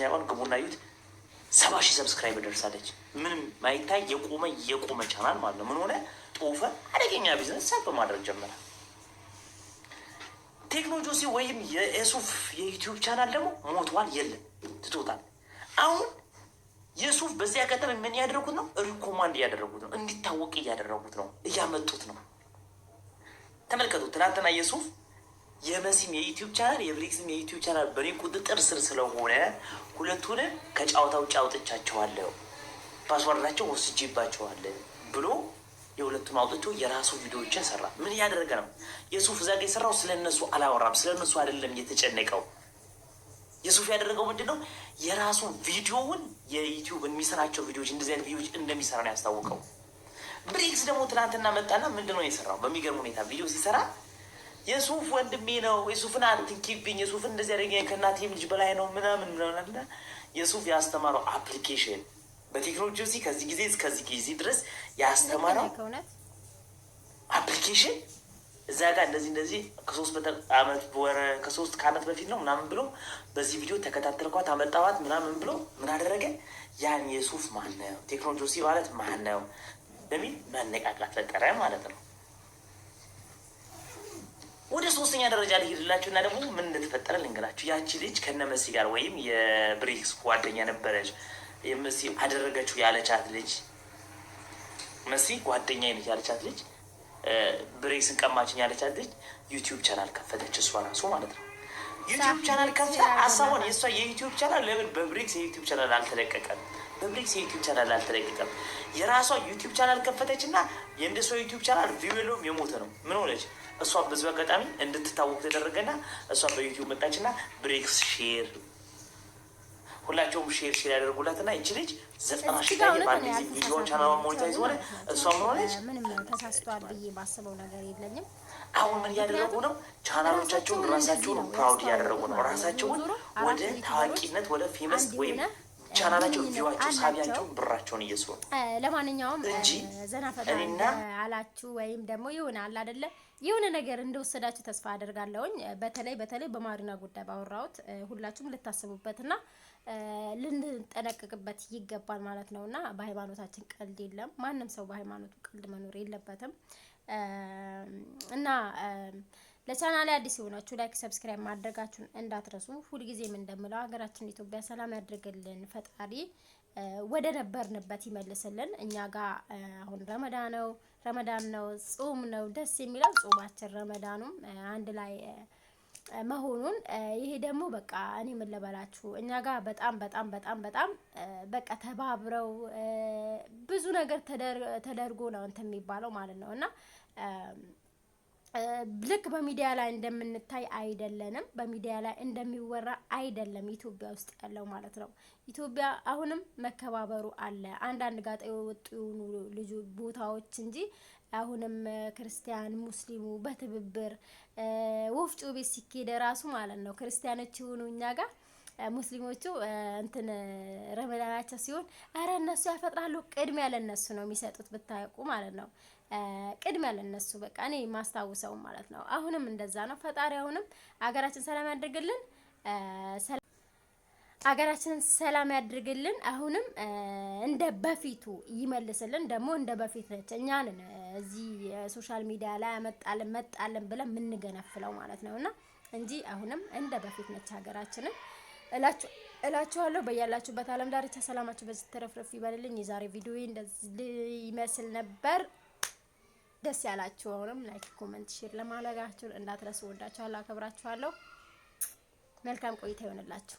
ሳይሆን ግቡና ዩት ሰባ ሺህ ሰብስክራይብ ደርሳለች። ምንም ማይታይ የቆመ የቆመ ቻናል ማለት ነው። ምን ሆነ ጦፈ አደገኛ ቢዝነስ ሰብ ማድረግ ጀመረ። ቴክኖሎጂ ወይም የሱፍ የዩቲዩብ ቻናል ደግሞ ሞቷል፣ የለም ትቶታል። አሁን የሱፍ በዚህ አጋጣሚ ምን እያደረጉት ነው? ሪኮማንድ እያደረጉት ነው፣ እንዲታወቅ እያደረጉት ነው፣ እያመጡት ነው። ተመልከቱ ትናንትና የሱፍ የመሲም የዩቲዩብ ቻናል የብሪክስም የዩቲዩብ ቻናል በእኔ ቁጥጥር ስር ስለሆነ ሁለቱንም ከጨዋታ ውጭ አውጥቻቸዋለሁ፣ ፓስዋርዳቸው ወስጄባቸዋለሁ ብሎ የሁለቱን አውጥቶ የራሱ ቪዲዮዎችን ሰራ። ምን እያደረገ ነው? የሱፍ ዛግ የሰራው ስለ እነሱ አላወራም። ስለ እነሱ አይደለም እየተጨነቀው። የሱፍ ያደረገው ምንድን ነው? የራሱ ቪዲዮውን የዩቲዩብ የሚሰራቸው ቪዲዮዎች እንደዚህ አይነት ቪዲዮዎች እንደሚሰራ ነው ያስታወቀው። ብሪክስ ደግሞ ትናንትና መጣና ምንድን ነው የሰራው? በሚገርም ሁኔታ ቪዲዮ ሲሰራ የሱፍ ወንድሜ ነው። የሱፍን አትንኪብኝ፣ የሱፍ እንደዚህ ያደረገኝ ከእናቴም ልጅ በላይ ነው ምናምን ምናምንና የሱፍ ያስተማረው አፕሊኬሽን በቴክኖሎጂ ውስጥ ከዚህ ጊዜ እስከዚህ ጊዜ ድረስ ያስተማረው አፕሊኬሽን እዛ ጋር እንደዚህ እንደዚህ ከሶስት ዓመት ወረ ከሶስት ከአመት በፊት ነው ምናምን ብሎ በዚህ ቪዲዮ ተከታተልኳት አመጣዋት ምናምን ብሎ ምን አደረገ? ያን የሱፍ ማነው ቴክኖሎጂ ውስጥ ማለት ማነው በሚል መነቃቃት ፈጠረ ማለት ነው። ወደ ሶስተኛ ደረጃ ልሄድላችሁ እና ደግሞ ምን እንደተፈጠረ ልንገራችሁ። ያቺ ልጅ ከነ መሲ ጋር ወይም የብሪክስ ጓደኛ ነበረች መሲ አደረገችው ያለቻት ልጅ መሲ ጓደኛ ነች ያለቻት ልጅ ብሬክስን ቀማችን ያለቻት ልጅ ዩቲዩብ ቻናል ከፈተች እሷ ራሱ ማለት ነው። ዩቲዩብ ቻናል ከፍታ አሳቦን የእሷ የዩቲዩብ ቻናል ለምን በብሪክስ የዩቲዩብ ቻናል አልተለቀቀም? በብሪክስ የዩቲዩብ ቻናል አልተለቀቀም። የራሷ ዩቲዩብ ቻናል ከፈተች እና ሰው ዩቲዩብ ቻናል ቪው የለውም የሞተ ነው። ምን ሆነች እሷ? በዚሁ አጋጣሚ እንድትታወቅ ተደረገና እሷ በዩቲዩብ መጣችና ብሪክስ ሼር ሁላቸውም ሼር ሼር ያደርጉላት እና ይቺ ልጅ ዘጠና ሺ ላይ በአንድ ቪዲዮን ቻናል ሞኒታይዝ ሆነ። እሷ ምን ሆነች? ምንም ተሳስቷል ብዬ ባስበው ነገር የለኝም። አሁን ምን እያደረጉ ነው? ቻናሎቻቸውን ራሳቸውን ፕራውድ እያደረጉ ነው። ራሳቸውን ወደ ታዋቂነት ወደ ፌመስ ወይም ቻናላቸው ቪዋቸው ሳቢያቸውን ብራቸውን እየሰሩ ለማንኛውም ዘና ፈታ አላችሁ ወይም ደግሞ የሆነ አለ አይደለ የሆነ ነገር እንደወሰዳችሁ ተስፋ አደርጋለሁኝ። በተለይ በተለይ በማሪና ጉዳይ ባወራሁት ሁላችሁም ልታስቡበትና ልንጠነቅቅበት ይገባል ማለት ነውና በሃይማኖታችን ቀልድ የለም። ማንም ሰው በሃይማኖቱ ቀልድ መኖር የለበትም እና ለቻናሌ አዲስ የሆናችሁ ላይክ፣ ሰብስክራይብ ማድረጋችሁን እንዳትረሱ። ሁልጊዜም እንደምለው ሀገራችን ኢትዮጵያ ሰላም ያድርግልን ፈጣሪ ወደ ነበርንበት ይመልስልን። እኛ ጋር አሁን ረመዳን ነው ረመዳን ነው ጾም ነው ደስ የሚለው ጾማችን ረመዳኑም አንድ ላይ መሆኑን ይሄ ደግሞ በቃ እኔ ምን ልበላችሁ እኛ ጋር በጣም በጣም በጣም በጣም በቃ ተባብረው ብዙ ነገር ተደርጎ ነው እንትን የሚባለው ማለት ነው እና ልክ በሚዲያ ላይ እንደምንታይ አይደለንም። በሚዲያ ላይ እንደሚወራ አይደለም። ኢትዮጵያ ውስጥ ያለው ማለት ነው። ኢትዮጵያ አሁንም መከባበሩ አለ። አንዳንድ ጋጠ የወጡ የሆኑ ልጁ ቦታዎች እንጂ አሁንም ክርስቲያን ሙስሊሙ በትብብር ወፍጮ ቤት ሲኬደ ራሱ ማለት ነው ክርስቲያኖች የሆኑ እኛ ጋር ሙስሊሞቹ እንትን ረመዳናቸው ሲሆን አረ እነሱ ያፈጥራሉ። ቅድሚያ እነሱ ነው የሚሰጡት ብታውቁ ማለት ነው። ቅድሚያ ለእነሱ በቃ እኔ ማስታውሰው ማለት ነው። አሁንም እንደዛ ነው። ፈጣሪ አሁንም አገራችን ሰላም ያድርግልን፣ አገራችን ሰላም ያድርግልን። አሁንም እንደ በፊቱ ይመልስልን። ደግሞ እንደ በፊት ነች። እኛን እዚህ ሶሻል ሚዲያ ላይ ያመጣልን መጣልን ብለን የምንገነፍለው ማለት ነው እና እንጂ አሁንም እንደ በፊት ነች ሀገራችንን እላችኋለሁ። በያላችሁበት አለም ዳርቻ ሰላማችሁ በዚህ ተረፍረፍ ይበልልኝ። የዛሬ ቪዲዮ እንደዚህ ይመስል ነበር። ደስ ያላችሁ አሁንም ላይክ፣ ኮመንት፣ ሼር ለማድረጋችሁን እንዳትረሱ። ወዳችኋለሁ፣ አከብራችኋለሁ። መልካም ቆይታ ይሆንላችሁ።